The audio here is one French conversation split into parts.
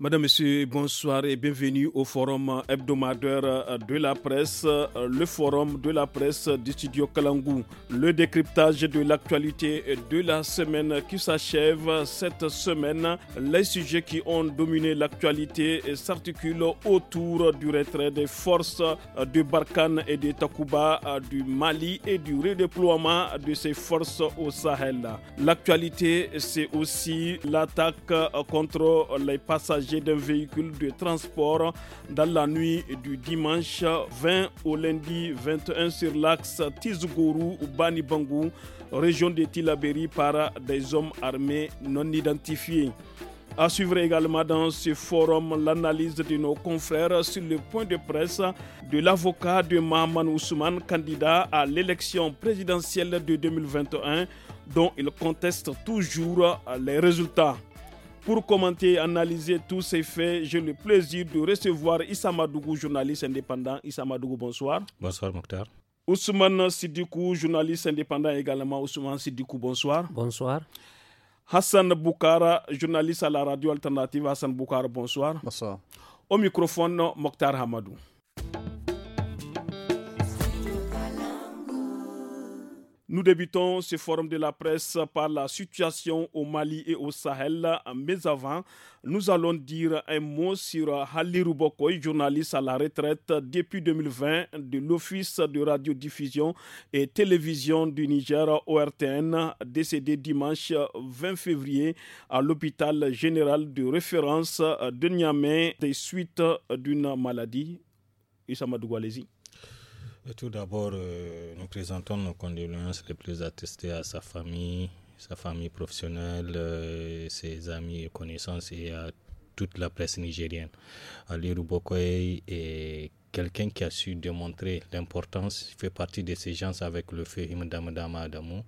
Madame, Monsieur, bonsoir et bienvenue au forum hebdomadaire de la presse, le forum de la presse du studio Kalangu. Le décryptage de l'actualité de la semaine qui s'achève cette semaine. Les sujets qui ont dominé l'actualité s'articulent autour du retrait des forces de Barkhane et de Takuba du Mali et du redéploiement de ces forces au Sahel. L'actualité, c'est aussi l'attaque contre les passagers d'un véhicule de transport dans la nuit du dimanche 20 au lundi 21 sur l'axe tizugourou Bangou, région de Tilaberi, par des hommes armés non identifiés. À suivre également dans ce forum l'analyse de nos confrères sur le point de presse de l'avocat de maman Ousmane, candidat à l'élection présidentielle de 2021, dont il conteste toujours les résultats. Pour commenter et analyser tous ces faits, j'ai le plaisir de recevoir Issa journaliste indépendant. Issa bonsoir. Bonsoir, Mokhtar. Ousmane Sidikou, journaliste indépendant également. Ousmane Sidikou, bonsoir. Bonsoir. Hassan Boukara, journaliste à la radio alternative. Hassan Boukara, bonsoir. Bonsoir. Au microphone, Mokhtar Hamadou. Nous débutons ce forum de la presse par la situation au Mali et au Sahel. Mais avant, nous allons dire un mot sur Halli Bokoy, journaliste à la retraite depuis 2020 de l'Office de radiodiffusion et télévision du Niger, ORTN, décédé dimanche 20 février à l'hôpital général de référence de Niamey des suites d'une maladie. Issa Madougou, tout d'abord, euh, nous présentons nos condoléances les plus attestées à sa famille, sa famille professionnelle, euh, ses amis et connaissances et à toute la presse nigérienne. Ali Rubokoye est quelqu'un qui a su démontrer l'importance, fait partie de ces gens avec le feu Dama Adamo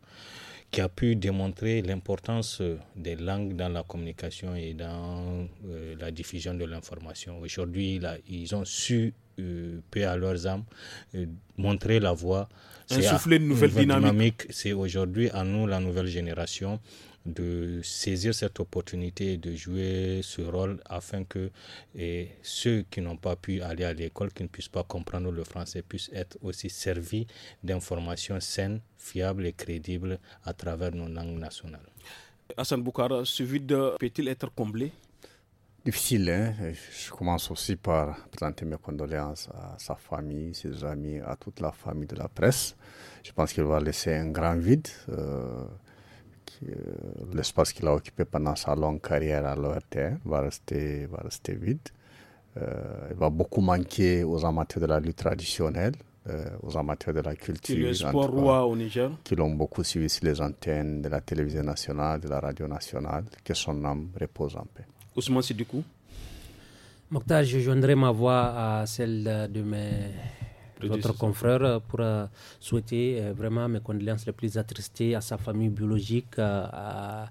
qui a pu démontrer l'importance euh, des langues dans la communication et dans euh, la diffusion de l'information. Aujourd'hui, ils ont su, euh, peu à leurs âmes, montrer la voie. Insuffler une nouvelle dynamique. C'est aujourd'hui à nous, la nouvelle génération, de saisir cette opportunité de jouer ce rôle afin que et ceux qui n'ont pas pu aller à l'école, qui ne puissent pas comprendre le français, puissent être aussi servis d'informations saines, fiables et crédibles à travers nos langues nationales. Hassan Boukara, ce vide peut-il être comblé Difficile, hein. je commence aussi par présenter mes condoléances à sa famille, ses amis, à toute la famille de la presse. Je pense qu'il va laisser un grand vide. Euh, euh, l'espace qu'il a occupé pendant sa longue carrière à l'ORT hein, va rester, va rester vide. Euh, il va beaucoup manquer aux amateurs de la lutte traditionnelle, euh, aux amateurs de la culture. Qui le sport roi au Niger. Qui l'ont beaucoup suivi sur les antennes de la télévision nationale, de la radio nationale. Que son âme repose en paix. Ousmane Sidikou. Mokhtar, je joindrai ma voix à celle de mes notre confrère euh, pour souhaiter euh, vraiment mes condoléances les plus attristées à sa famille biologique, à,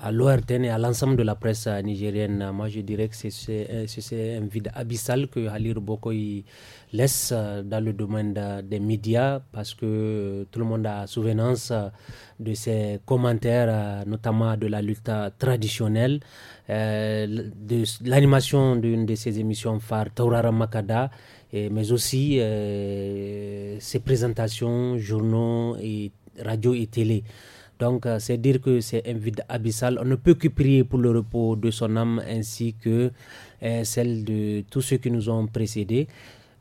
à l'ORTN et à l'ensemble de la presse euh, nigérienne. Moi, je dirais que c'est un vide abyssal que Halir Bokoy laisse dans le domaine des médias parce que tout le monde a souvenance de ses commentaires, notamment de la lutte traditionnelle, de l'animation d'une de ses émissions phares, Taurara Makada mais aussi euh, ses présentations, journaux, et radio et télé. Donc, euh, c'est dire que c'est un vide abyssal. On ne peut que prier pour le repos de son âme ainsi que euh, celle de tous ceux qui nous ont précédés.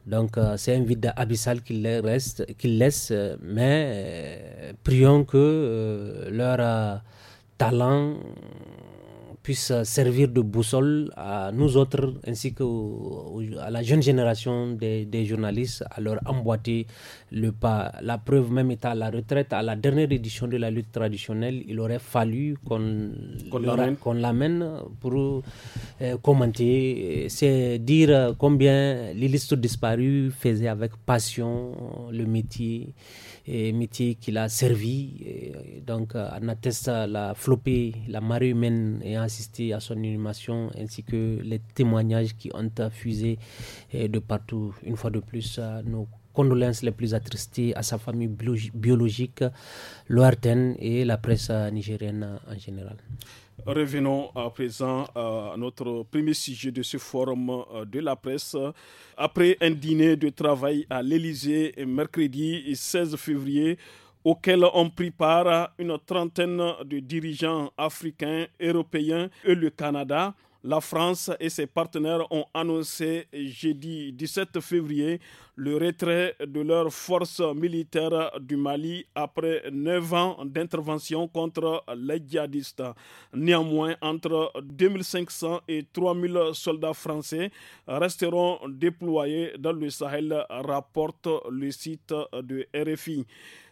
Donc, c'est un vide abyssal qu'il reste, qu'il laisse, mais prions que leur talent puisse euh, servir de boussole à nous autres ainsi que à la jeune génération des, journalistes à leur emboîter le pas. La preuve même est à la retraite, à la dernière édition de la lutte traditionnelle, il aurait fallu qu'on l'amène pour euh, commenter. C'est dire combien les listes disparu faisait avec passion le métier et métier qu'il a servi. Euh, donc, on euh, atteste la flopée, la marée humaine ayant assisté à son inhumation, ainsi que les témoignages qui ont fusé euh, de partout. Une fois de plus, nos condoléances les plus attristées à sa famille biologique, l'Ouarten et la presse nigérienne en général. Revenons à présent à notre premier sujet de ce forum euh, de la presse. Après un dîner de travail à l'Élysée mercredi 16 février, auquel ont pris part une trentaine de dirigeants africains, européens et le Canada, la France et ses partenaires ont annoncé jeudi 17 février le retrait de leurs forces militaires du Mali après neuf ans d'intervention contre les djihadistes. Néanmoins, entre 2500 et 3000 soldats français resteront déployés dans le Sahel, rapporte le site de RFI.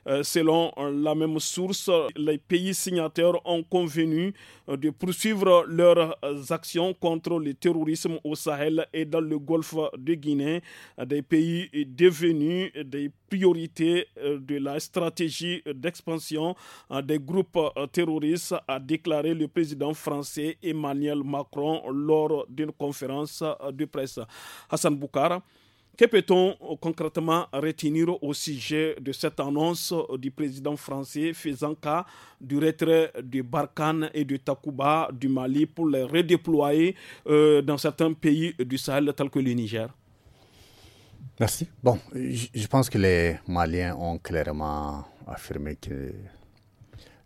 Euh, selon euh, la même source, les pays signataires ont convenu euh, de poursuivre leurs actions contre le terrorisme au Sahel et dans le golfe de Guinée, des pays devenus des priorités de la stratégie d'expansion des groupes terroristes, a déclaré le président français Emmanuel Macron lors d'une conférence de presse. Hassan Boukara. Que peut-on euh, concrètement retenir au sujet de cette annonce euh, du président français faisant cas du retrait du Barkhane et de Takuba du Mali pour les redéployer euh, dans certains pays du Sahel tels que le Niger Merci. Bon, je pense que les Maliens ont clairement affirmé que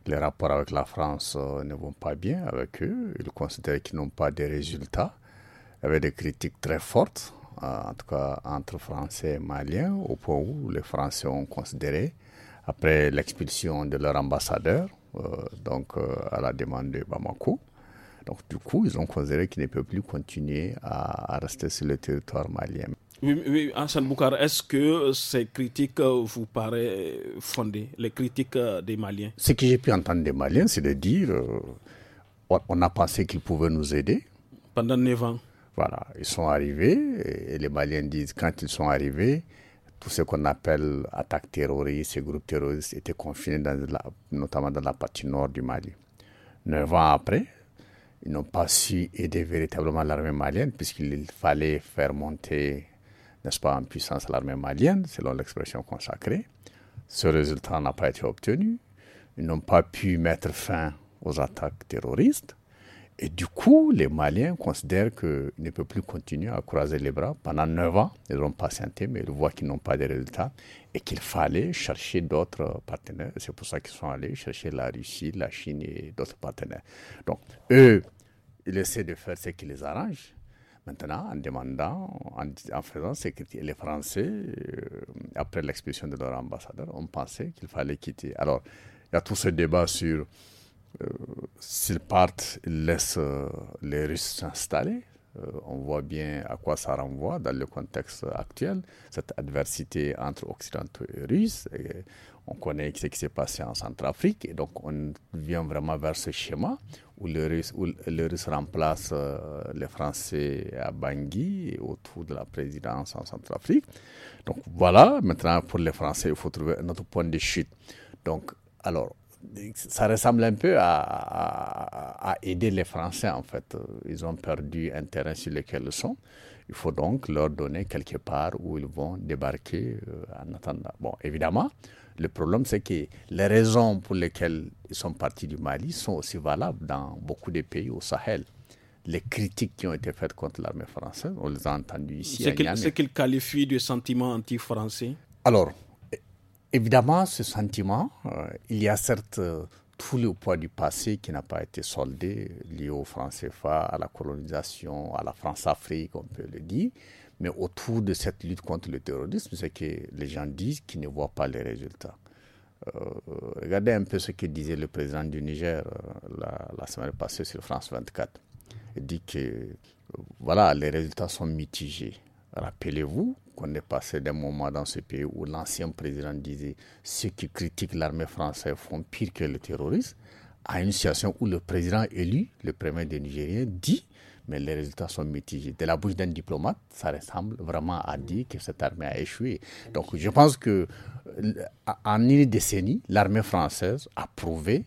les rapports avec la France ne vont pas bien avec eux. Ils considèrent qu'ils n'ont pas de résultats, avec des critiques très fortes en tout cas entre Français et Maliens, au point où les Français ont considéré, après l'expulsion de leur ambassadeur, euh, donc euh, à la demande de Bamako, donc du coup, ils ont considéré qu'ils ne peuvent plus continuer à, rester sur le territoire malien. Oui, oui Boukar, est-ce que ces critiques euh, vous paraissent fondées, les critiques des Maliens Ce que j'ai pu entendre des Maliens, c'est de dire on a pensé qu'ils pouvaient nous aider. Pendant 9 ans ils sont arrivés et les Maliens disent quand ils sont arrivés, tout ce qu'on appelle attaque terroriste, ces groupes terroristes étaient confinés dans notamment dans la partie nord du Mali. Neuf ans après, ils n'ont pas su aider véritablement l'armée malienne puisqu'il fallait faire monter, n'est-ce pas, en puissance l'armée malienne, selon l'expression consacrée. Ce résultat n'a pas été obtenu. Ils n'ont pas pu mettre fin aux attaques terroristes. Et du coup, les Maliens considèrent qu'ils ne peuvent plus continuer à croiser les bras. Pendant neuf ans, ils ont patienté, mais ils voient qu'ils n'ont pas de résultats et qu'il fallait chercher d'autres partenaires. C'est pour ça qu'ils sont allés chercher la Russie, la Chine et d'autres partenaires. Donc, eux, ils essaient de faire ce qui les arrange. Maintenant, en demandant, en, faisant ce que les Français, euh, après l'expulsion de leur ambassadeur, ont pensé qu'il fallait quitter. Alors, il y a tout ce débat sur s'ils partent, ils laissent euh, les Russes s'installer. Euh, on voit bien à quoi ça renvoie dans le contexte actuel, cette adversité entre Occidentaux et Russes. on connaît ce qui s'est passé en Centrafrique et donc on vient vraiment vers ce schéma où les Russes, remplacent euh, les Français à Bangui et autour de la présidence en Centrafrique. Donc voilà, maintenant pour les Français, il faut trouver notre point de chute. Donc alors, ça ressemble un peu à, aider les Français, en fait. Ils ont perdu un terrain sur lequel ils sont. Il faut donc leur donner quelque part où ils vont débarquer euh, en attendant. Bon, évidemment, le problème, c'est que les raisons pour lesquelles ils sont partis du Mali sont aussi valables dans beaucoup de pays au Sahel les critiques qui ont été faites contre l'armée française, on les a entendues ici. C'est qu'ils qualifient de sentiment anti-français Alors, Évidemment, ce sentiment, euh, il y a certes euh, tout le poids du passé qui n'a pas été soldé, lié au franc CFA, à la colonisation, à la France-Afrique, on peut le dire. Mais autour de cette lutte contre le terrorisme, c'est que les gens disent qu'ils ne voient pas les résultats. Euh, regardez un peu ce que disait le président du Niger la, semaine passée sur France 24. Il dit que voilà, les résultats sont mitigés. Rappelez-vous qu'on est passé d'un moment dans ce pays où l'ancien président disait ceux qui critiquent l'armée française font pire que les terroristes, à une situation où le président élu, le premier des Nigériens, dit mais les résultats sont mitigés. De la bouche d'un diplomate, ça ressemble vraiment à dire que cette armée a échoué. Donc je pense que euh, en une décennie, l'armée française a prouvé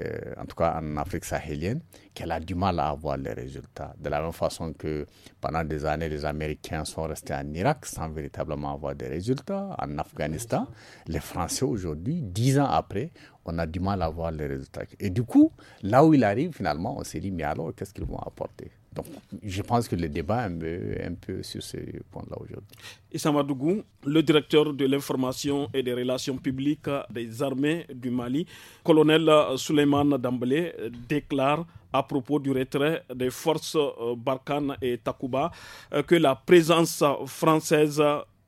euh, en tout cas en Afrique sahélienne, qu'elle a du mal à avoir les résultats. De la même façon que pendant des années, les Américains sont restés en Irak sans véritablement avoir des résultats, en Afghanistan, les Français aujourd'hui, dix ans après, on a du mal à avoir les résultats. Et du coup, là où il arrive, finalement, on s'est dit, mais alors, qu'est-ce qu'ils vont apporter donc, je pense que le débat est un peu, un peu sur ce point-là aujourd'hui. Isamadougou, le directeur de l'information et des relations publiques des armées du Mali, colonel Souleymane Dambé, déclare à propos du retrait des forces euh, Barkhane et Takuba euh, que la présence française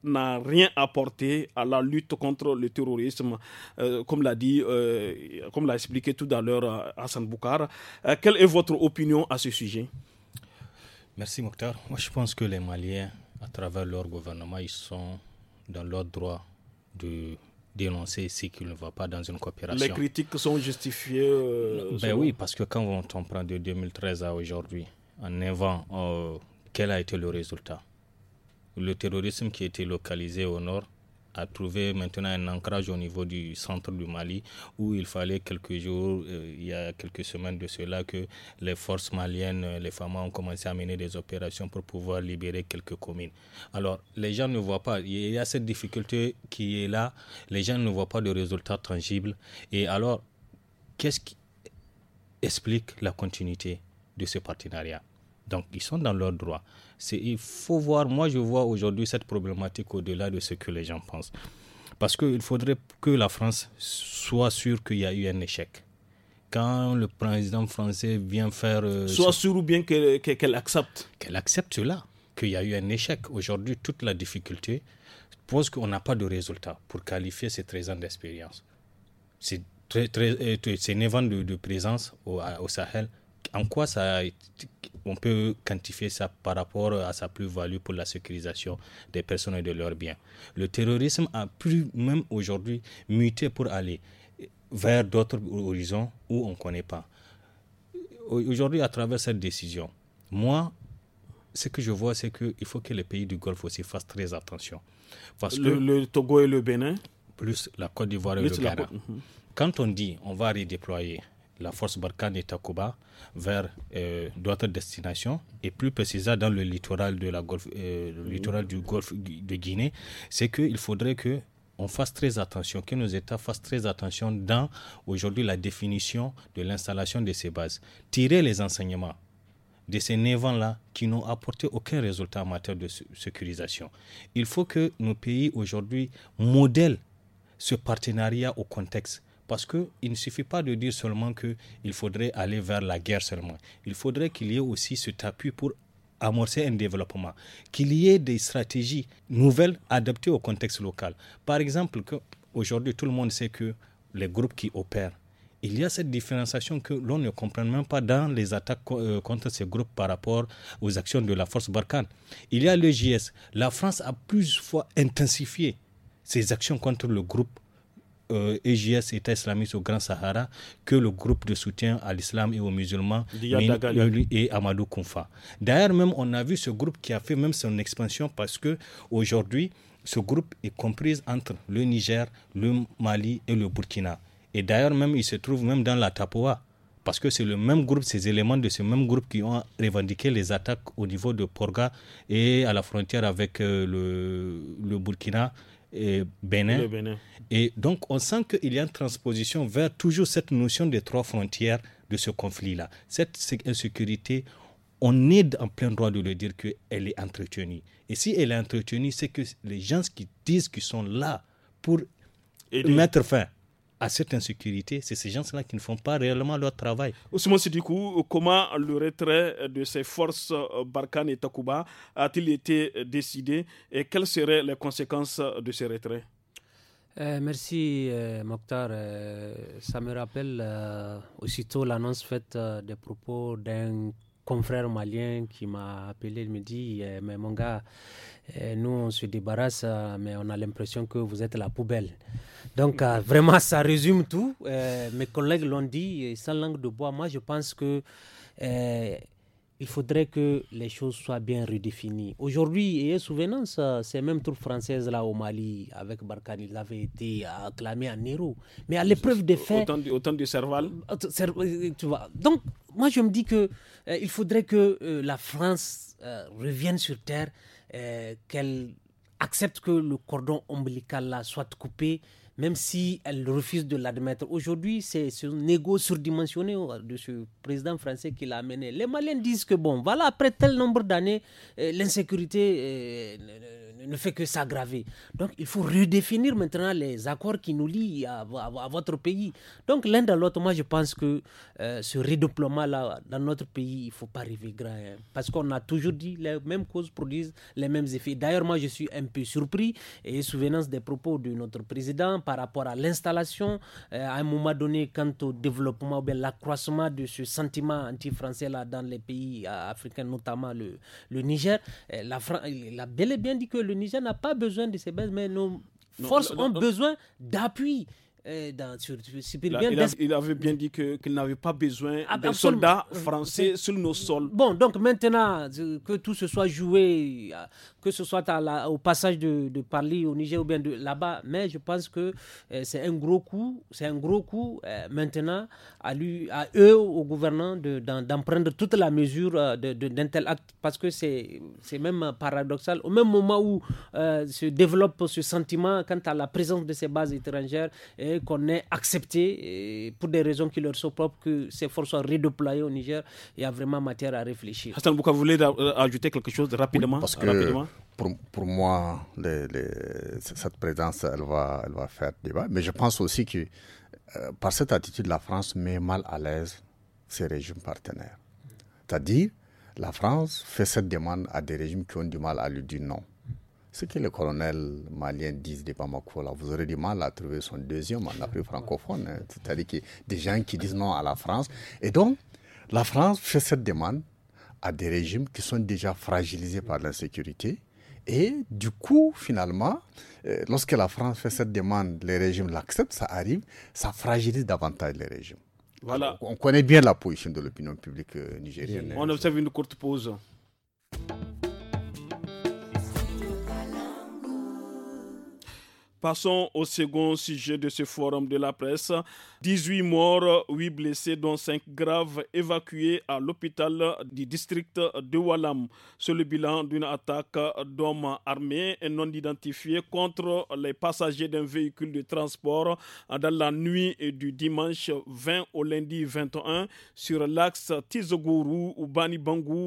n'a rien apporté à la lutte contre le terrorisme, euh, comme l'a dit, comme l'a expliqué tout à l'heure Hassan Boukar. quelle est votre opinion à ce sujet Merci Mokhtar. Moi je pense que les Maliens, à travers leur gouvernement, ils sont dans leur droit de dénoncer ce qui ne va pas dans une coopération. Les critiques sont justifiées. Euh, ben oui, parce que quand on, prend de 2013 à aujourd'hui, en avant, oh, quel a été le résultat Le terrorisme qui était localisé au nord a trouvé maintenant un ancrage au niveau du centre du Mali où il fallait quelques jours, euh, il y a quelques semaines de cela, que les forces maliennes, euh, les FAMA ont commencé à mener des opérations pour pouvoir libérer quelques communes. Alors, les gens ne voient pas, il y a cette difficulté qui est là, les gens ne voient pas de résultats tangibles. Et alors, qu'est-ce qui explique la continuité de ce partenariat donc, ils sont dans leurs droits. Il faut voir, moi je vois aujourd'hui cette problématique au-delà de ce que les gens pensent. Parce qu'il faudrait que la France soit sûre qu'il y a eu un échec quand le président français vient faire. Euh, soit sûr ou bien qu'elle accepte. Qu'elle accepte cela, qu'il y a eu un échec. Aujourd'hui, toute la difficulté pose qu'on n'a pas de résultat pour qualifier ces 13 ans d'expérience. C'est très, très, euh, de, de, présence au, au Sahel. En quoi ça a été, on peut quantifier ça par rapport à sa plus-value pour la sécurisation des personnes et de leurs biens. Le terrorisme a plus, même aujourd'hui, muté pour aller vers d'autres horizons où on ne connaît pas. Aujourd'hui, à travers cette décision, moi, ce que je vois, c'est qu'il faut que les pays du Golfe aussi fassent très attention. Parce le, que le Togo et le Bénin Plus la Côte d'Ivoire et le Ghana. Mhm. Quand on dit on va redéployer la force Barkhane et Takuba vers euh, d'autres destinations et plus précisément dans le littoral de la euh, littoral du golfe de Guinée, c'est qu'il faudrait que on fasse très attention, que nos États fassent très attention dans aujourd'hui la définition de l'installation de ces bases. Tirer les enseignements de ces névants-là qui n'ont apporté aucun résultat en matière de sécurisation. Il faut que nos pays aujourd'hui modèlent ce partenariat au contexte parce qu'il ne suffit pas de dire seulement qu'il faudrait aller vers la guerre seulement. Il faudrait qu'il y ait aussi cet appui pour amorcer un développement, qu'il y ait des stratégies nouvelles adaptées au contexte local. Par exemple, aujourd'hui, tout le monde sait que les groupes qui opèrent, il y a cette différenciation que l'on ne comprend même pas dans les attaques euh, contre ces groupes par rapport aux actions de la force Barkhane. Il y a le JS. La France a plusieurs fois intensifié ses actions contre le groupe EJS euh, État islamiste au Grand Sahara que le groupe de soutien à l'islam et aux musulmans et Amadou Koufa. D'ailleurs, même on a vu ce groupe qui a fait même son expansion parce que aujourd'hui, ce groupe est comprise entre le Niger, le Mali et le Burkina. Et d'ailleurs, même il se trouve même dans la Tapoa parce que c'est le même groupe, ces éléments de ce même groupe qui ont revendiqué les attaques au niveau de Porga et à la frontière avec euh, le, le Burkina et Bénin. Et donc, on sent qu'il y a une transposition vers toujours cette notion des trois frontières de ce conflit-là. Cette insécurité, on est en plein droit de le dire qu'elle est entretenue. Et si elle est entretenue, c'est que les gens qui disent qu'ils sont là pour mettre fin à cette insécurité, c'est ces gens-là qui ne font pas réellement leur travail. Ousmane coup, comment le retrait de ces forces euh, Barkhane et Takuba a-t-il été décidé et quelles seraient les conséquences de ce retrait euh, merci euh, Mokhtar. ça me rappelle aussitôt l'annonce faite des propos d'un confrère malien qui m'a appelé. et me dit Mais mon gars, euh, nous, on se débarrasse, euh, mais on a l'impression que vous êtes la poubelle. Donc, euh, vraiment, ça résume tout. mes collègues l'ont dit, sans langue de bois, moi, je pense que il faudrait que les choses soient bien redéfinies. Aujourd'hui, et souvenance, ces mêmes troupes françaises là au Mali, avec Barkhane, il avaient été acclamé en héros. Mais à l'épreuve des faits. Autant du, Serval. Tu vois. Donc, moi, je me dis que euh, il faudrait que euh, la France euh, revienne sur terre, qu'elle accepte que le cordon ombilical là soit coupé même si elle refuse de l'admettre. Aujourd'hui, c'est ce négo surdimensionné oh, de ce président français qui l'a amené. Les Maliens disent que, bon, voilà, après tel nombre d'années, euh, l'insécurité euh, ne, fait que s'aggraver. Donc, il faut redéfinir maintenant les accords qui nous lient à, votre pays. Donc, l'un dans l'autre, moi, je pense que euh, ce redéploiement-là, dans notre pays, il ne faut pas rêver grand. Hein. parce qu'on a toujours dit les mêmes causes produisent les mêmes effets. D'ailleurs, moi, je suis un peu surpris et souvenance des propos de notre président par rapport à l'installation, euh, à un moment donné, quant au développement ou bien l'accroissement de ce sentiment anti-français là dans les pays euh, africains, notamment le, le Niger. Euh, la il a bel et bien dit que le Niger n'a pas besoin de ces bases, mais nos forces ont besoin d'appui il, avait bien dit qu'il n'avait pas besoin ah, de soldat soldats euh, français sur nos sols. Bon, donc maintenant euh, que tout se soit joué, euh, que ce soit à au passage de, de Paris au Niger ou bien là-bas, mais je pense que c'est un gros coup, c'est un gros coup maintenant à, lui, à eux, aux gouvernants, d'en prendre toute la mesure de d'un tel acte parce que c'est même paradoxal. Au même moment où se développe ce sentiment quant à la présence de ces bases étrangères, et qu'on ait accepté, pour des raisons qui leur sont propres, que ces forces soient redéployées au Niger. Il y a vraiment matière à réfléchir. Hassan Bouka, vous voulez euh, ajouter quelque chose rapidement, parce que pour, moi, cette présence, elle va, va faire débat. Mais je pense aussi que euh, par cette attitude, la France met mal à l'aise ses régimes partenaires. C'est-à-dire, la France fait cette demande à des régimes qui ont du mal à lui dire non. Ce que le colonel malien disent de Bamako, là, vous aurez du mal à trouver son deuxième en Afrique francophone. Hein. C'est-à-dire que des gens qui disent non à la France. Et donc, la France fait cette demande à des régimes qui sont déjà fragilisés par l'insécurité. Et du coup, finalement, euh, lorsque la France fait cette demande, les régimes l'acceptent, ça arrive, ça fragilise davantage les régimes. Voilà. On connaît bien la position de l'opinion publique euh, nigérienne. Hein. On observe une courte pause. Passons au second sujet de ce forum de la presse. 18 morts, 8 blessés, dont 5 graves, évacués à l'hôpital du district de Walam. sur le bilan d'une attaque d'hommes armés et non identifiés contre les passagers d'un véhicule de transport dans la nuit du dimanche 20 au lundi 21 sur l'axe Tizogourou ou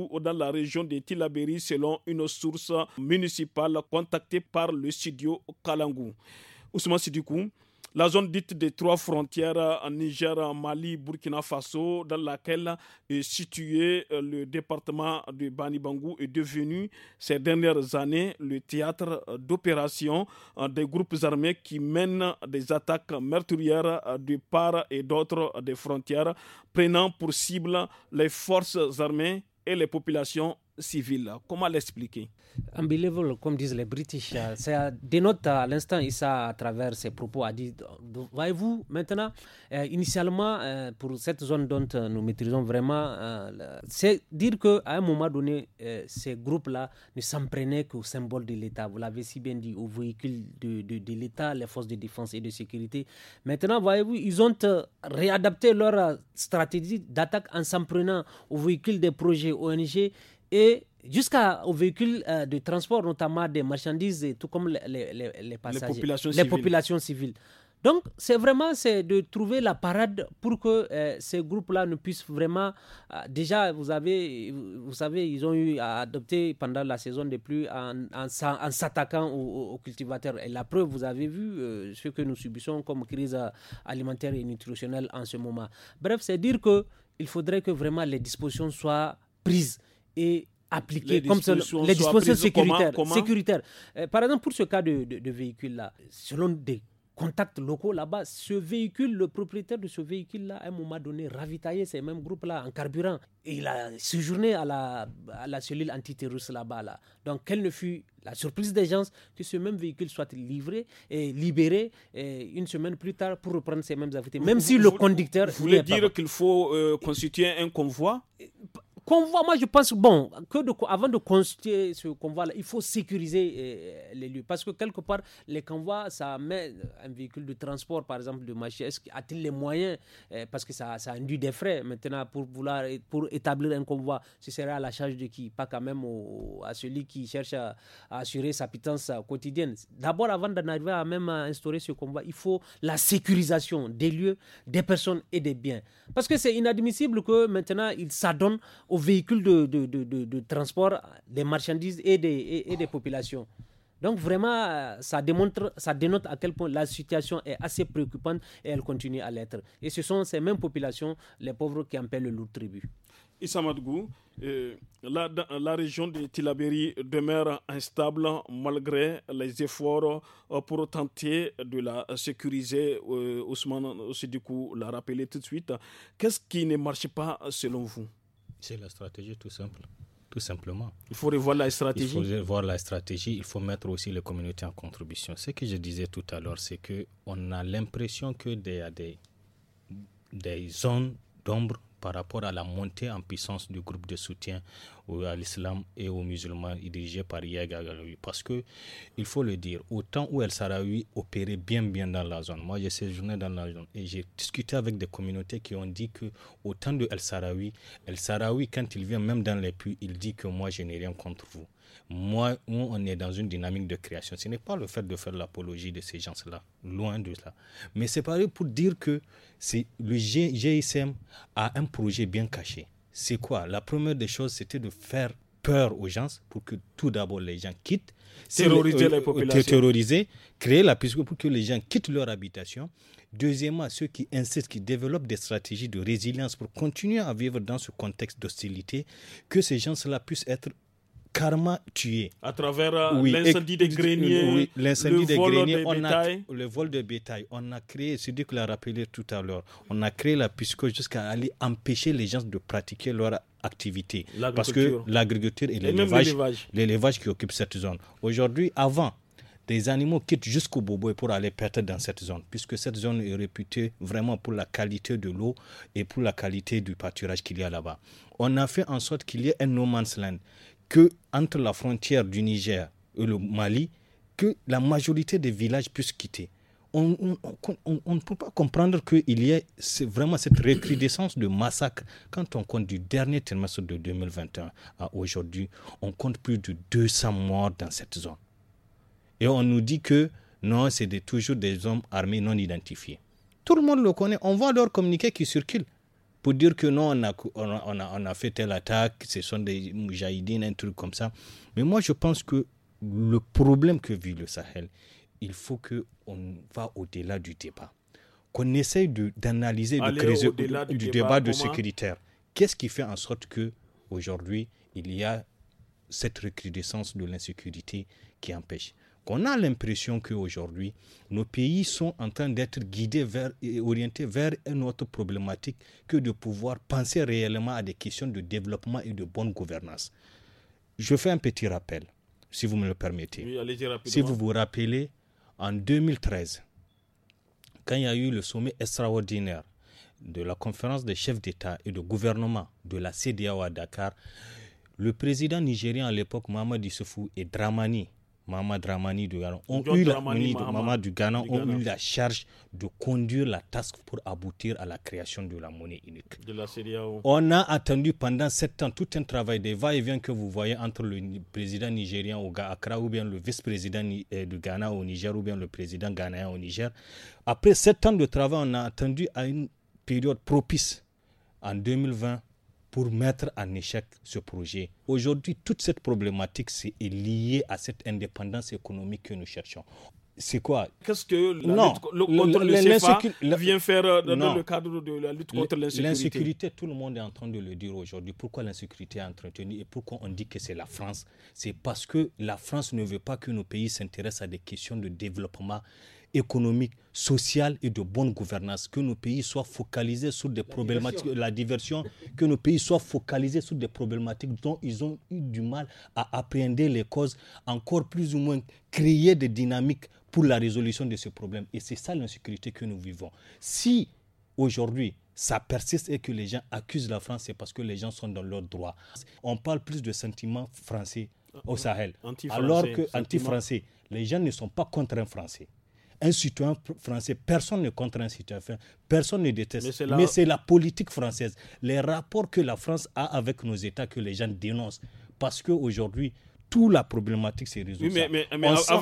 ou dans la région de Tilaberi selon une source municipale contactée par le studio Kalangou. Ousmane Sidikou, la zone dite des trois frontières en euh, Niger, Mali, Burkina Faso, dans laquelle est situé euh, le département de Banibangou, est devenue ces dernières années le théâtre euh, d'opérations des groupes armés qui mènent des attaques meurtrières de part et d'autre des frontières, prenant pour cible les forces armées et les populations Civil, Comment l'expliquer Unbelievable, comme disent les British. Ça dénote à l'instant, ça à travers ses propos, a dit voyez-vous, maintenant, euh, initialement, euh, pour cette zone dont euh, nous maîtrisons vraiment, c'est dire qu'à un moment donné, ces groupes-là ne s'en prenaient qu'au symbole de l'État. Vous l'avez si bien dit, au véhicule de, de, de l'État, les forces de défense et de sécurité. Maintenant, voyez-vous, ils ont réadapté leur stratégie d'attaque en s'en prenant au véhicule des projets ONG et jusqu'aux véhicules euh, de transport, notamment des marchandises, et tout comme les, les, les passagers, les populations, civiles. Donc, c'est vraiment c'est de trouver la parade pour que euh, ces groupes-là ne puissent vraiment. Euh, déjà, vous avez, vous savez, ils ont eu à adopter pendant la saison des pluies en, en, s'attaquant aux, cultivateurs. Et la preuve, vous avez vu ce que nous subissons comme crise alimentaire et nutritionnelle en ce moment. Bref, c'est dire que il faudrait que vraiment les dispositions soient prises et appliquer comme les dispositions sécuritaires. sécuritaires. Euh, par exemple, pour ce cas de, de, véhicule-là, selon des contacts locaux là-bas, ce véhicule, le propriétaire de ce véhicule-là, à un moment donné, ravitaillait ces mêmes groupes-là en carburant. Et il a séjourné à la, à la cellule antiterroriste là-bas. Là. Donc, quelle ne fut la surprise des gens que ce même véhicule soit livré et libéré une semaine plus tard pour reprendre ces mêmes activités, même si le conducteur... Vous voulez dire qu'il faut euh, constituer un convoi convoi, moi je pense, bon, que de, avant de constituer ce convoi-là, il faut sécuriser euh, les lieux. Parce que quelque part, les convois, ça met un véhicule de transport, par exemple, de machines. Est-ce a-t-il les moyens euh, Parce que ça, induit des frais. Maintenant, pour, vouloir, pour établir un convoi, ce serait à la charge de qui Pas quand même à celui qui cherche à, assurer sa pitance euh, quotidienne. D'abord, avant d'en arriver à même à instaurer ce convoi, il faut la sécurisation des lieux, des personnes et des biens. Parce que c'est inadmissible que maintenant, il s'adonne aux véhicules de, transport des marchandises et des, populations. Donc vraiment, euh, ça démontre, ça dénote à quel point la situation est assez préoccupante et elle continue à l'être. Et ce sont ces mêmes populations, les pauvres, qui en le lourd tribut. Issa euh, la, région de Tilaberi demeure instable malgré les efforts euh, pour tenter de la sécuriser. Ousmane aussi du coup l'a rappelé tout de suite. Qu'est-ce qui ne marche pas selon vous c'est la stratégie tout simple. Tout simplement. Il faut revoir la stratégie. Il faut revoir la stratégie. Il faut mettre aussi les communautés en contribution. Ce que je disais tout à l'heure, c'est que on a l'impression que des, des, des zones d'ombre par rapport à la montée en puissance du groupe de soutien à l'islam et aux musulmans dirigé par Yag Parce que, il faut le dire, au temps où El Sarawi opérait bien, bien dans la zone, moi j'ai séjourné dans la zone et j'ai discuté avec des communautés qui ont dit que autant temps de El Sarawi, El Sarawi, quand il vient même dans les puits, il dit que moi je n'ai rien contre vous. Moi, on est dans une dynamique de création, ce n'est pas le fait de faire l'apologie de ces gens-là, loin de cela. Mais c'est pareil pour dire que le GICM a un projet bien caché. C'est quoi La première des choses, c'était de faire peur aux gens pour que tout d'abord les gens quittent. Terroriser euh, les, euh, populations. Terroriser, créer la peur pour que les gens quittent leur habitation. Deuxièmement, ceux qui insistent, qui développent des stratégies de résilience pour continuer à vivre dans ce contexte d'hostilité, que ces gens-là puissent être karma tué. À travers euh, l'incendie des greniers, oui, des le vol de bétail. On a créé, c'est dit que l'a rappelé tout à l'heure, on a créé la piscine jusqu'à aller empêcher les gens de pratiquer leur activité. Parce que l'agriculture et, l'élevage, qui occupent cette zone. Aujourd'hui, avant, des animaux quittent jusqu'au Boboé pour aller perdre dans cette zone, puisque cette zone est réputée vraiment pour la qualité de l'eau et pour la qualité du pâturage qu'il y a là-bas. On a fait en sorte qu'il y ait un no man's land que entre la frontière du Niger et le Mali, que la majorité des villages puissent quitter. On, ne peut pas comprendre qu'il y ait vraiment cette recrudescence de massacres. Quand on compte du dernier trimestre de 2021 à aujourd'hui, on compte plus de 200 morts dans cette zone. Et on nous dit que non, c'est toujours des hommes armés non identifiés. Tout le monde le connaît. On voit leurs communiqués qui circulent pour dire que non, on a, on a, fait telle attaque, ce sont des moujahidines, un truc comme ça. Mais moi, je pense que le problème que vit le Sahel, il faut qu'on va au-delà du débat. Qu'on essaye d'analyser, de, de du, débat, de sécuritaire. Qu'est-ce qui fait en sorte que aujourd'hui il y a cette recrudescence de l'insécurité qui empêche on a l'impression qu'aujourd'hui, nos pays sont en train d'être guidés vers, et orientés vers une autre problématique que de pouvoir penser réellement à des questions de développement et de bonne gouvernance. Je fais un petit rappel, si vous me le permettez. si vous vous rappelez, en 2013, quand il y a eu le sommet extraordinaire de la conférence des chefs d'État et de gouvernement de la CDAO à Dakar, le président nigérien à l'époque, Mohamed Issoufou et Dramani, Mama Dramani de du Ghana ont eu la charge de conduire la task pour aboutir à la création de la monnaie unique. On a attendu pendant sept ans tout un travail des va-et-vient que vous voyez entre le président nigérien au Accra ou bien le vice-président euh, du Ghana au Niger ou bien le président ghanéen au Niger. Après sept ans de travail, on a attendu à une période propice. En 2020, pour mettre en échec ce projet. Aujourd'hui, toute cette problématique est liée à cette indépendance économique que nous cherchons. C'est quoi Qu'est-ce que la non, le, vient faire euh, dans le cadre de la lutte contre l'insécurité L'insécurité, tout le monde est en train de le dire aujourd'hui. Pourquoi l'insécurité est entretenue et pourquoi on dit que c'est la France C'est parce que la France ne veut pas que nos pays s'intéressent à des questions de développement économique, sociale et de bonne gouvernance. Que nos pays soient focalisés sur des problématiques, la diversion, que nos pays soient focalisés sur des problématiques dont ils ont eu du mal à appréhender les causes, encore plus ou moins créer des dynamiques pour la résolution de ces problèmes. Et c'est ça l'insécurité que nous vivons. Si aujourd'hui ça persiste et que les gens accusent la France, c'est parce que les gens sont dans leurs droits. On parle plus de sentiments français au euh, Sahel. alors que anti-français, les gens ne sont pas contre un Français. Un citoyen français, personne ne contre un citoyen français, personne ne déteste. Mais c'est la... politique française, les rapports que la France a avec nos États que les gens dénoncent. Parce qu'aujourd'hui, toute la problématique s'est résolue. mais,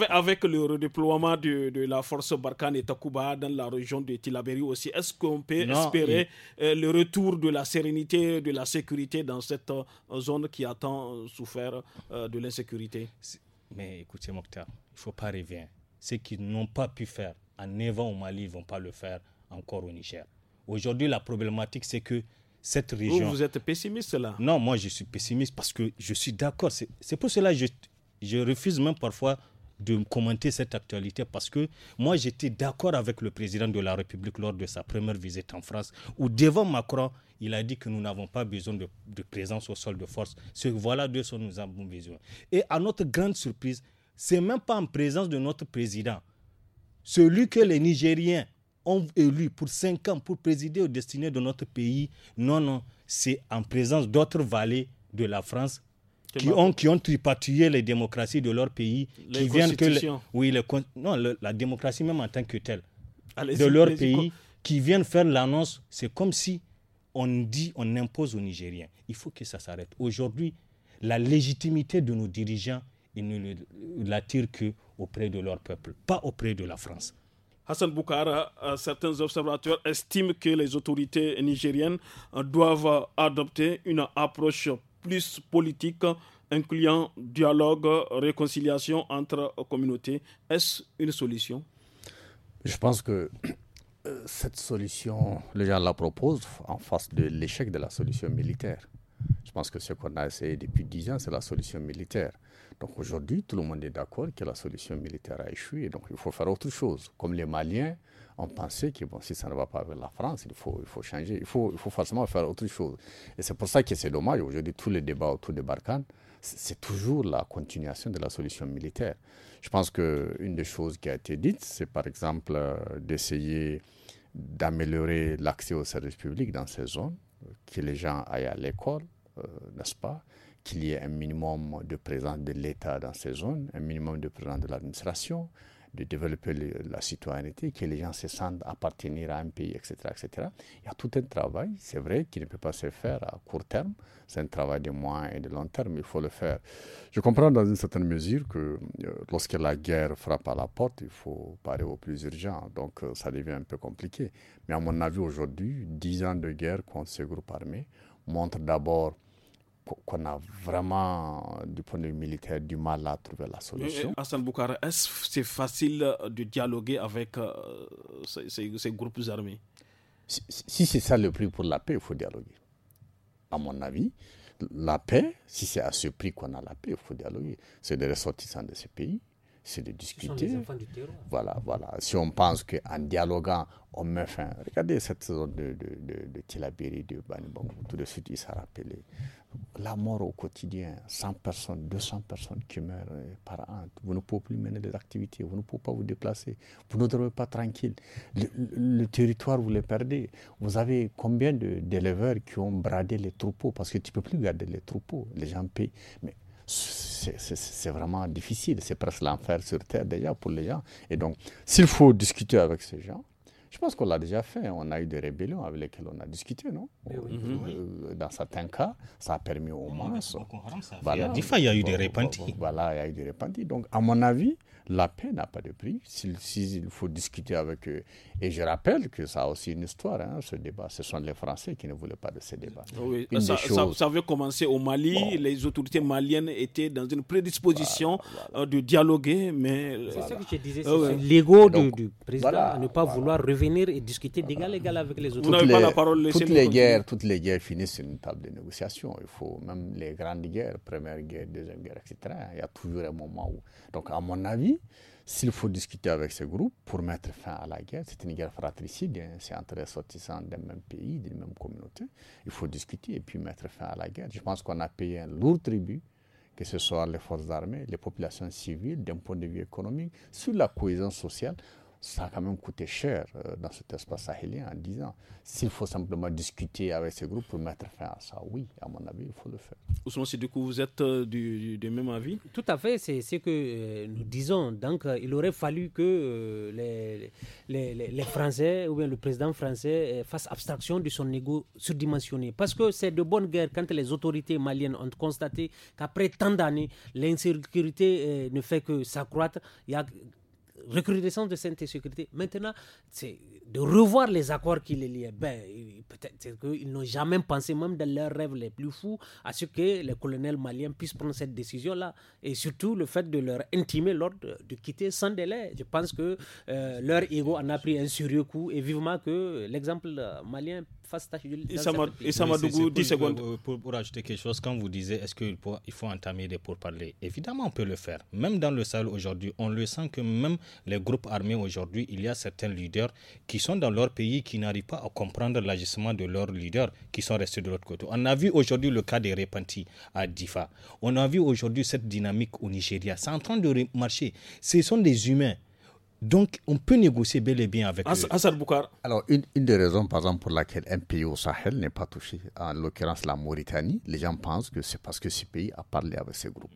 avec, le redéploiement de, la force Barkhane et Takuba dans la région de Tilaberi aussi, est-ce qu'on peut espérer euh, le retour de la sérénité, de la sécurité dans cette euh, zone qui a tant souffert euh, de l'insécurité Mais écoutez, Mokhtar, il ne faut pas rêver. Hein ce qu'ils n'ont pas pu faire en 9 au Mali, ils ne vont pas le faire encore au Niger. Aujourd'hui, la problématique, c'est que cette région. Vous, êtes pessimiste là Non, moi je suis pessimiste parce que je suis d'accord. C'est pour cela que je, refuse même parfois de commenter cette actualité parce que moi j'étais d'accord avec le président de la République lors de sa première visite en France où devant Macron il a dit que nous n'avons pas besoin de, présence au sol de force. Ce voilà de ce nous avons besoin. Et à notre grande surprise, c'est même pas en présence de notre président. Celui que les Nigériens ont élu pour cinq ans pour présider aux destinées de notre pays, non, non, c'est en présence d'autres vallées de la France qui ont, qui ont tripatouillé les démocraties de leur pays, les qui viennent que... oui, non, la démocratie même en tant que telle, de leur pays, qui viennent faire l'annonce, c'est comme si on dit, on impose aux Nigériens. Il faut que ça s'arrête. Aujourd'hui, la légitimité de nos dirigeants ne l'attirent qu'auprès de leur peuple, pas auprès de la France. Hassan Boukara, euh, certains observateurs estiment que les autorités nigériennes euh, doivent adopter une approche plus politique incluant dialogue, réconciliation entre communautés. Est-ce une solution Je pense que euh, cette solution, les gens la proposent en face de l'échec de la solution militaire. Je pense que ce qu'on a essayé depuis dix ans, c'est la solution militaire. Donc aujourd'hui, tout le monde est d'accord que la solution militaire a échoué. Donc il faut faire autre chose. Comme les Maliens ont pensé que bon, si ça ne va pas avec la France, il faut, il faut changer. Il faut, il faut forcément faire autre chose. Et c'est pour ça que c'est dommage. Aujourd'hui, tous les débats autour de Barkhane, c'est toujours la continuation de la solution militaire. Je pense qu'une des choses qui a été dite, c'est par exemple euh, d'essayer d'améliorer l'accès aux services publics dans ces zones, que les gens aillent à l'école, euh, n'est-ce pas qu'il y ait un minimum de présence de l'État dans ces zones, un minimum de présence de l'administration, de développer la citoyenneté, que les gens se sentent appartenir à un pays, etc. etc. Il y a tout un travail, c'est vrai, qui ne peut pas se faire à court terme. C'est un travail de moyen et de long terme, il faut le faire. Je comprends dans une certaine mesure que euh, lorsque la guerre frappe à la porte, il faut parler au plus urgent. Donc euh, ça devient un peu compliqué. Mais à mon avis, aujourd'hui, 10 ans de guerre contre ce groupe armés montrent d'abord qu'on a vraiment, du point de vue militaire, du mal à trouver la solution. Hassan est-ce que c'est facile euh, de dialoguer avec euh, ces, groupes armés Si, si c'est ça le prix pour la paix, il faut dialoguer. À mon avis, la paix, si c'est à ce prix qu'on a la paix, il faut dialoguer. C'est des ressortissants de ces pays c'est de discuter. voilà, voilà. Si on pense qu'en dialoguant, on met fin. Regardez cette zone de, de, de, de de Tout de suite, il s'est rappelé. La mort au quotidien, 100 personnes, 200 personnes qui meurent euh, par an. Vous ne pouvez plus mener des activités, vous ne pouvez pas vous déplacer, vous ne dormez pas tranquille. Le, territoire, vous le perdez. Vous avez combien d'éleveurs qui ont bradé les troupeaux parce que tu ne peux plus garder les troupeaux. Les gens payent. Mais c'est vraiment difficile. C'est presque l'enfer sur Terre déjà pour les gens. Et donc, s'il faut discuter avec ces gens, je pense qu'on l'a déjà fait. On a eu des rébellions avec lesquelles on a discuté, non euh, Dans certains cas, ça a permis au moins. Voilà, il y a eu des repentis. Voilà, il y a eu des repentis. Donc, à mon avis, la paix n'a pas de prix s'il faut discuter avec eux. Et je rappelle que ça a aussi une histoire, hein, ce débat. Ce sont les Français qui ne voulaient pas de ce débat. Oui, ça, ça, avait commencé au Mali. Les autorités maliennes étaient dans une prédisposition euh, de dialoguer, mais. C'est ce que je disais, euh, c'est l'ego du, président à ne pas vouloir revenir venir et discuter d'égal égal avec les autres. toutes les, guerres, toutes les guerres finissent sur une table de négociation. Il faut même les grandes guerres, première guerre, deuxième guerre, etc. Il y a toujours un moment où. Donc, à mon avis, s'il faut discuter avec ce groupe pour mettre fin à la guerre, c'est une guerre fratricide, hein. c'est entre les sortissants d'un même pays, d'une même communauté. Il faut discuter et puis mettre fin à la guerre. Je pense qu'on a payé un lourd tribut que ce soit les forces armées, les populations civiles, d'un point de vue économique, sur la cohésion sociale, ça a quand même coûté cher euh, dans cet espace sahélien en disant, S'il faut simplement discuter avec ces groupes pour mettre fin à ça, oui, à mon avis, il faut le faire. Ousmane, si du coup vous êtes euh, du, même avis Tout à fait, c'est ce que euh, nous disons. Donc il aurait fallu que les, les, Français ou bien le président français fasse abstraction de son ego surdimensionné. Parce que c'est de bonne guerre quand les autorités maliennes ont constaté qu'après tant d'années, l'insécurité ne fait que s'accroître. Il y a recrudescence de cette sécurité Maintenant, c'est de revoir les accords qui les liaient. Ben, peut-être qu'ils n'ont jamais pensé, même dans leurs rêves les plus fous, à ce que les colonels maliens puissent prendre cette décision-là. Et surtout, le fait de leur intimer l'ordre de quitter sans délai. Je pense que euh, leur ego en a pris un sérieux coup et vivement que l'exemple malien secondes. Pour, pour, ajouter quelque chose, quand vous disiez est-ce qu'il faut, il faut entamer des pourparlers, évidemment on peut le faire. Même dans le Sahel aujourd'hui, on le sent que même les groupes armés aujourd'hui, il y a certains leaders qui sont dans leur pays qui n'arrivent pas à comprendre l'agissement de leurs leaders qui sont restés de l'autre côté. On a vu aujourd'hui le cas des repentis à Difa. On a vu aujourd'hui cette dynamique au Nigeria. C'est en train de marcher. Ce sont des humains. Donc, on peut négocier bel et bien avec eux. Boukar. Alors, une, des raisons, par exemple, pour laquelle un pays au Sahel n'est pas touché, en l'occurrence la Mauritanie, les gens pensent que c'est parce que ce pays a parlé avec ces groupes.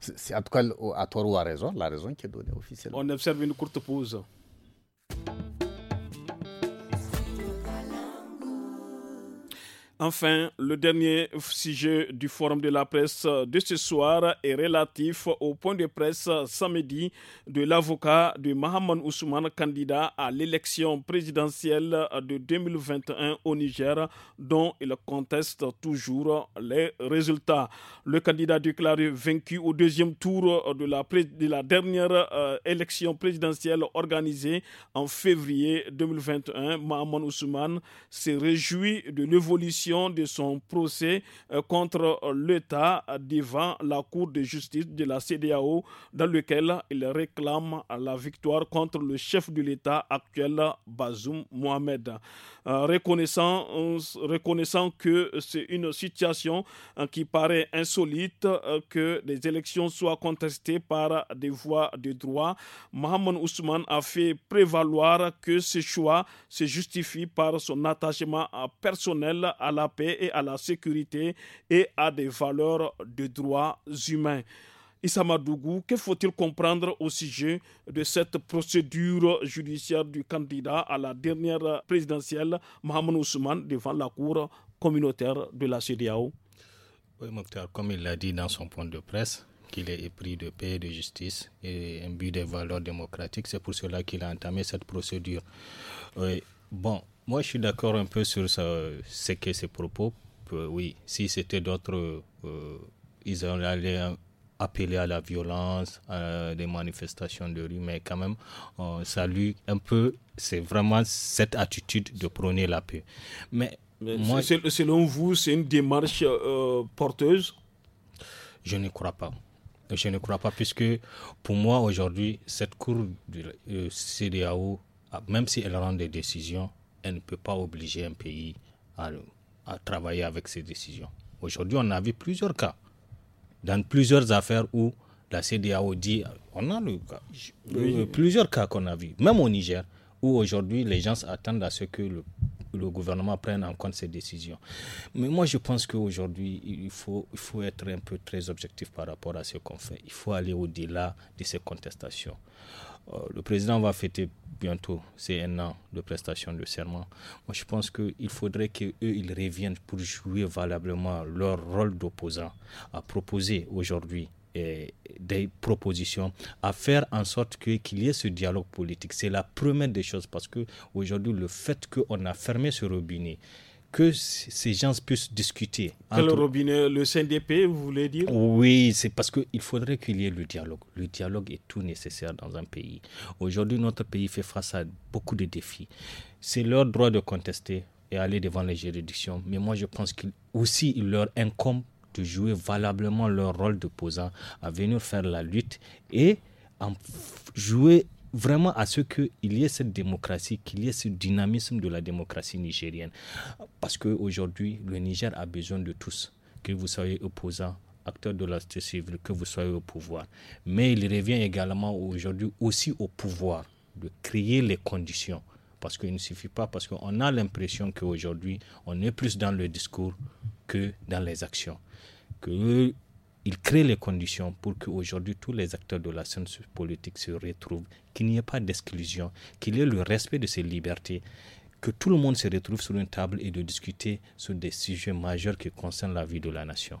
C'est en tout cas, à tort raison, la raison qui est donnée officiellement. On observe une courte pause. Enfin, le dernier sujet du forum de la presse de ce soir est relatif au point de presse samedi de l'avocat de Mahaman Ousmane, candidat à l'élection présidentielle de 2021 au Niger, dont il conteste toujours les résultats. Le candidat déclaré vaincu au deuxième tour de la, de la dernière euh, élection présidentielle organisée en février 2021, Mahaman Ousmane s'est réjoui de l'évolution de son procès euh, contre euh, l'État euh, devant la Cour de justice de la CDAO dans lequel il réclame la victoire contre le chef de l'État actuel Bazoum Mohamed. Reconnaissant, reconnaissant que c'est une situation qui paraît insolite que les élections soient contestées par des voies de droit, Mohamed Ousmane a fait prévaloir que ce choix se justifie par son attachement personnel à la paix et à la sécurité et à des valeurs de droits humains. Issa que faut-il comprendre au sujet de cette procédure judiciaire du candidat à la dernière présidentielle, Mohamed Ousmane, devant la Cour communautaire de la CDAO Oui, Mokhtar, comme il l'a dit dans son point de presse, qu'il est épris de paix et de justice et imbu des valeurs démocratiques. C'est pour cela qu'il a entamé cette procédure. Oui, bon, moi, je suis d'accord un peu sur ce que ces propos. Euh, oui, si c'était d'autres, euh, ils allaient appeler à la violence, à des manifestations de rue, mais quand même, on salue un peu, c'est vraiment cette attitude de prôner la paix. Mais, moi, selon vous, c'est une démarche euh, porteuse Je ne crois pas. Je ne crois pas, puisque pour moi, aujourd'hui, cette Cour de CDAO, ah, même si elle rend des décisions, elle ne peut pas obliger un pays à, travailler avec ses décisions. Aujourd'hui, on a vu plusieurs cas, dans plusieurs affaires où la CDAO dit, on a le euh, plusieurs cas qu'on a vu, même au Niger, où aujourd'hui les gens attendent à ce que le, gouvernement prenne en compte ses décisions. Mais moi, je pense qu'aujourd'hui, il faut être un peu très objectif par rapport à ce qu'on fait. Il faut aller au-delà de ces contestations. Euh, le président va fêter bientôt c'est un an de prestation de serment. Moi, je pense qu'il faudrait qu'eux, ils reviennent pour jouer valablement leur rôle d'opposant, à proposer aujourd'hui eh, des propositions, à faire en sorte qu'il y ait ce dialogue politique. C'est la première des choses parce que aujourd'hui, le fait qu'on a fermé ce robinet, que ces gens puissent discuter. robinet Le CNDP, vous voulez dire Oui, c'est parce qu'il faudrait qu'il y ait le dialogue. Le dialogue est tout nécessaire dans un pays. Aujourd'hui, notre pays fait face à beaucoup de défis. C'est leur droit de contester et aller devant les juridictions, mais moi je pense qu'il il leur incombe de jouer valablement leur rôle d'opposant, à venir faire la lutte et en jouer vraiment à ce qu'il y ait cette démocratie, qu'il y ait ce dynamisme de la démocratie nigérienne. Parce qu'aujourd'hui, le Niger a besoin de tous, que vous soyez opposants, acteurs de la société civile, que vous soyez au pouvoir. Mais il revient également aujourd'hui aussi au pouvoir de créer les conditions. Parce qu'il ne suffit pas, parce qu'on a l'impression qu'aujourd'hui, on est plus dans le discours que dans les actions. Que il crée les conditions pour qu'aujourd'hui tous les acteurs de la scène politique se retrouvent, qu'il n'y ait pas d'exclusion, qu'il y ait le respect de ces libertés, que tout le monde se retrouve sur une table et de discuter sur des sujets majeurs qui concernent la vie de la nation.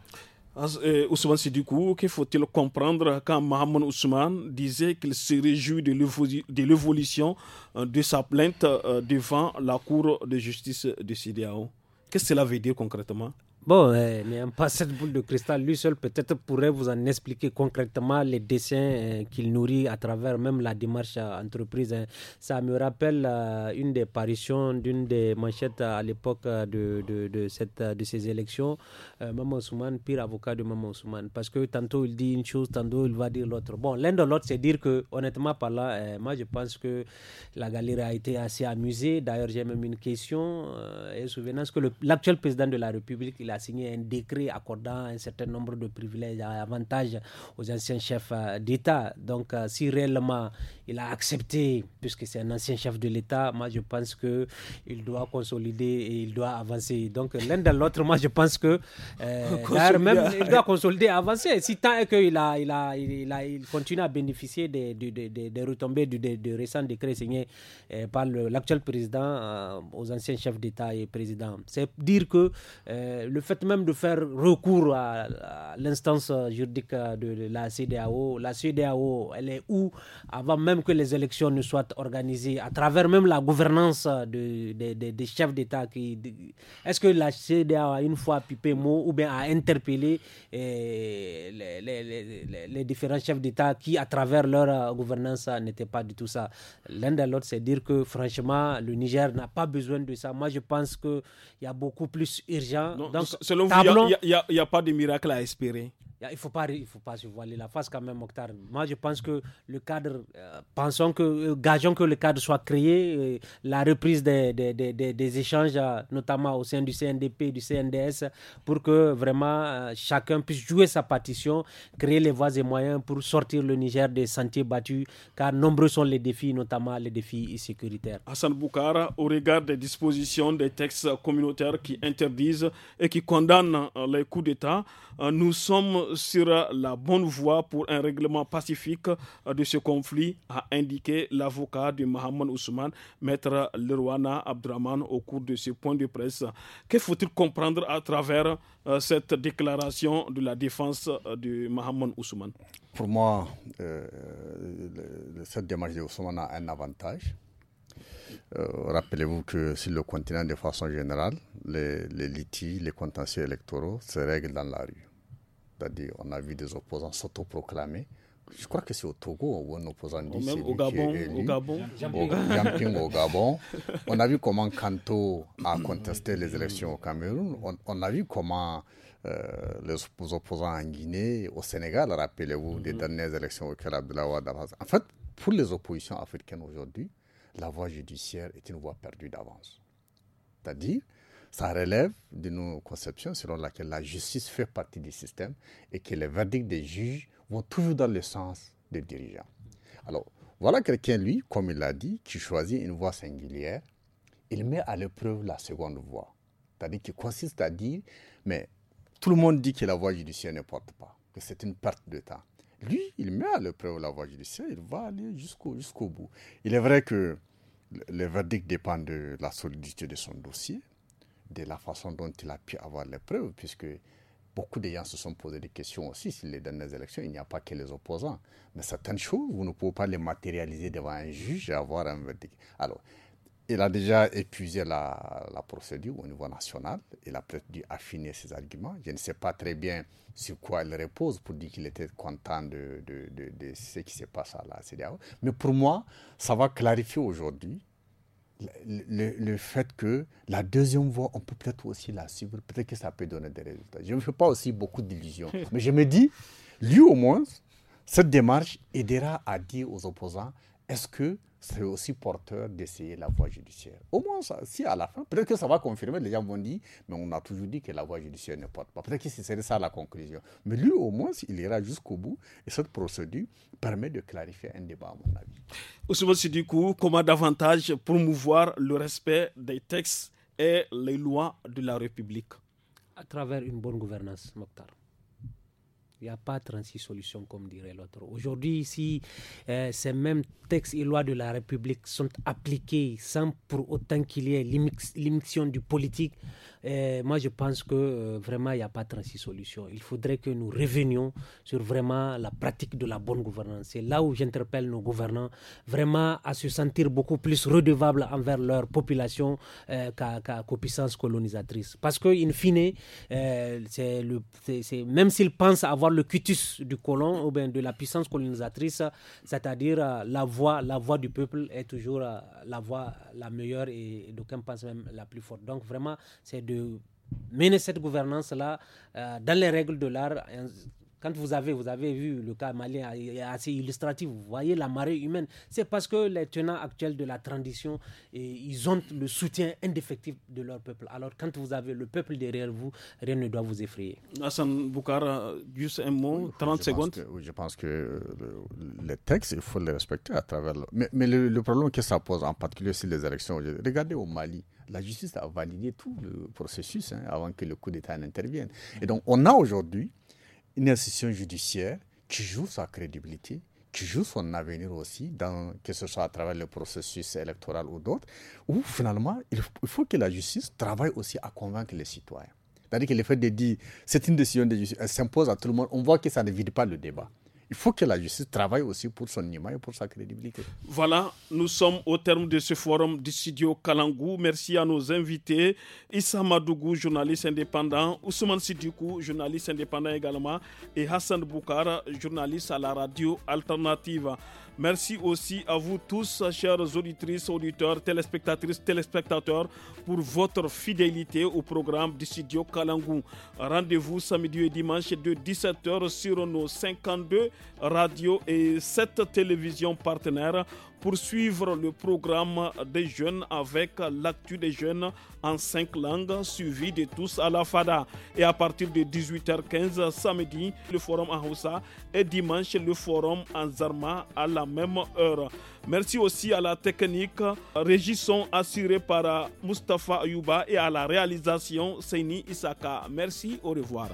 Eh, Ousmane Sidikou, qu'il faut-il comprendre quand Mohamed Ousmane disait qu'il se réjouit de l'évolution euh, de sa plainte euh, devant la Cour de justice de CDAO Qu'est-ce que cela veut dire concrètement Bon, mais euh, n'ayant pas cette boule de cristal, lui seul peut-être pourrait vous en expliquer concrètement les dessins euh, qu'il nourrit à travers même la démarche euh, entreprise. Hein. Ça me rappelle une des paritions d'une des manchettes à l'époque de, de, cette, de ces élections. Maman Ousmane, pire avocat de Maman Ousmane. Parce que tantôt il dit une chose, tantôt il va dire l'autre. Bon, l'un de l'autre, c'est dire que, honnêtement par là, moi je pense que la galerie a été assez amusée. D'ailleurs, j'ai même une question. et souvenance que l'actuel président de la République, il a signé un décret accordant un certain nombre de privilèges et avantages aux anciens chefs euh, d'État. Donc, euh, si réellement il a accepté, puisque c'est un ancien chef de l'État, moi je pense que il doit consolider et il doit avancer. Donc, l'un de l'autre, moi je pense que euh, même il doit consolider et avancer. Si tant est qu'il a, il a, il a, il continue à bénéficier des, des, des, retombées du de, récent décret signé par l'actuel président aux anciens chefs d'État et présidents. C'est dire que le fait même de faire recours à, l'instance juridique de, la CDAO, la CDAO, elle est où avant même que les élections ne soient organisées, à travers même la gouvernance des chefs d'État qui. Est-ce que la CDAO a une fois pipé mot ou bien a interpellé eh, les, différents chefs d'État qui, à travers leur euh, gouvernance, n'étaient pas du tout ça L'un de l'autre, c'est dire que franchement, le Niger n'a pas besoin de ça. Moi, je pense qu'il y a beaucoup plus urgent. Donc, selon vous, il n'y a, pas de miracle à espérer il ne faut, pas, il faut pas se voiler la face quand même, Mokhtar. Moi, je pense que le cadre, euh, pensons que, euh, gageons que le cadre soit créé, euh, la reprise des, échanges, notamment au sein du CNDP, du CNDS, pour que vraiment chacun puisse jouer sa partition, créer les voies et moyens pour sortir le Niger des sentiers battus, car nombreux sont les défis, notamment les défis sécuritaires. Hassan Boukara, au regard des dispositions des textes communautaires qui interdisent et qui condamnent les coups d'État, nous sommes sur la bonne voie pour un règlement pacifique de ce conflit, a indiqué l'avocat de Mohamed Ousmane, maître Lerwana Abdraman, au cours de ce point de presse. Que faut-il comprendre à travers euh, cette déclaration de la défense euh, de Mohamed Ousmane Pour moi, cette euh, démarche de Ousmane a un avantage. Rappelez-vous que sur le continent, de façon générale, les, les litiges, les contentieux électoraux se règlent dans la rue. C'est-à-dire, on a vu des opposants s'autoproclamer. Je crois que c'est au Togo où un opposant dit c'est au Gabon, qui Au Gabon. Au, Gabon. On a vu comment Kanto a contesté les élections au Cameroun. On, a vu comment euh, les opposants en Guinée, au Sénégal, rappelez-vous, des mhm. dernières élections auxquelles d'avance. En fait, pour les oppositions africaines aujourd'hui, la voie judiciaire est une voie perdue d'avance. C'est-à-dire, ça relève de nos conceptions selon laquelle la justice fait partie du système et que les verdicts des juges vont toujours dans le sens des dirigeants. Alors, voilà quelqu'un, lui, comme il l'a dit, qui choisit une voie singulière. Il met à l'épreuve la seconde voie. C'est-à-dire qu'il consiste à dire, mais tout le monde dit que la voie judiciaire ne porte pas, que c'est une perte de temps. Lui, il met à l'épreuve la voie judiciaire, il va aller jusqu'au jusqu'au bout. Il est vrai que le verdict dépend de la solidité de son dossier, de la façon dont il a pu avoir les preuves, puisque beaucoup de gens se sont posés des questions aussi sur les dernières élections. Il n'y a pas que les opposants. Mais certaines choses, vous ne pouvez pas les matérialiser devant un juge et avoir un verdict. Alors, il a déjà épuisé la, procédure au niveau national. Il a peut-être dû affiner ses arguments. Je ne sais pas très bien sur quoi il repose pour dire qu'il était content de, ce qui se passe à la CDAO. Mais pour moi, ça va clarifier aujourd'hui le, fait que la deuxième voie, on peut peut-être aussi la suivre, peut-être que ça peut donner des résultats. Je ne fais pas aussi beaucoup d'illusions, mais je me dis, lui au moins, cette démarche aidera à dire aux opposants, est-ce que c'est aussi porteur d'essayer la voie judiciaire Au moins, si à la fin, peut-être que ça va confirmer, les gens vont dire, mais on a toujours dit que la voie judiciaire ne porte pas. Peut-être que c'est ça la conclusion. Mais lui, au moins, il ira jusqu'au bout et cette procédure permet de clarifier un débat, à mon avis. Ousmane coup comment davantage promouvoir le respect des textes et les lois de la République À travers une bonne gouvernance, Mokhtar. Il n'y a pas 36 solutions, comme dirait l'autre. Aujourd'hui, si euh, ces mêmes textes et lois de la République sont appliqués sans pour autant qu'il y ait l'émission du politique, euh, moi je pense que euh, vraiment il n'y a pas 36 solutions. Il faudrait que nous revenions sur vraiment la pratique de la bonne gouvernance. C'est là où j'interpelle nos gouvernants vraiment à se sentir beaucoup plus redevables envers leur population qu'aux puissances colonisatrices. Parce que, in fine, le, même s'ils pensent avoir le cutus du colon ou bien de la puissance colonisatrice, c'est-à-dire euh, la voix, la voix du peuple est toujours euh, la voix la meilleure et, et d'aucuns pensent même la plus forte. Donc vraiment, c'est de mener cette gouvernance-là euh, dans les règles de l'art quand vous avez, vous avez vu le cas malien assez illustratif, vous voyez la marée humaine, c'est parce que les tenants actuels de la transition, ils ont le soutien indéfectible de leur peuple. Alors quand vous avez le peuple derrière vous, rien ne doit vous effrayer. Hassan Boukara, euh, juste un mot, 30 secondes. je pense que euh, les textes, il faut les respecter à travers. Mais, le, problème que ça pose, en particulier sur les élections, regardez au Mali la justice a validé tout le processus hein, avant que le coup d'État n'intervienne. Et donc, on a aujourd'hui une institution judiciaire qui joue sa crédibilité, qui joue son avenir aussi, dans, que ce soit à travers le processus électoral ou d'autres, où finalement, il faut que la justice travaille aussi à convaincre les citoyens. C'est-à-dire que le fait de dire c'est une décision de justice, elle s'impose à tout le monde, on voit que ça ne vide pas le débat il faut que la justice travaille aussi pour son image et pour sa crédibilité. Voilà, nous sommes au terme de ce forum du studio Kalangou. Merci à nos invités. Issa Madougou, journaliste indépendant, Ousmane Sidikou, journaliste indépendant également, et Hassan Boukara, journaliste à la radio alternative. Merci aussi à vous tous, chers auditrices, auditeurs, téléspectatrices, téléspectateurs, pour votre fidélité au programme du studio Kalangou. Rendez-vous samedi et dimanche de 17h sur nos 52 radios et 7 télévisions partenaires poursuivre le programme des jeunes avec l'actu des jeunes en cinq langues suivi de tous à la FADA. Et à partir de 18h15 samedi, le forum en Hausa et dimanche, le forum en Zarma à la même heure. Merci aussi à la technique Régisson assurée par mustafa Ayouba et à la réalisation Seini Isaka. Merci, au revoir.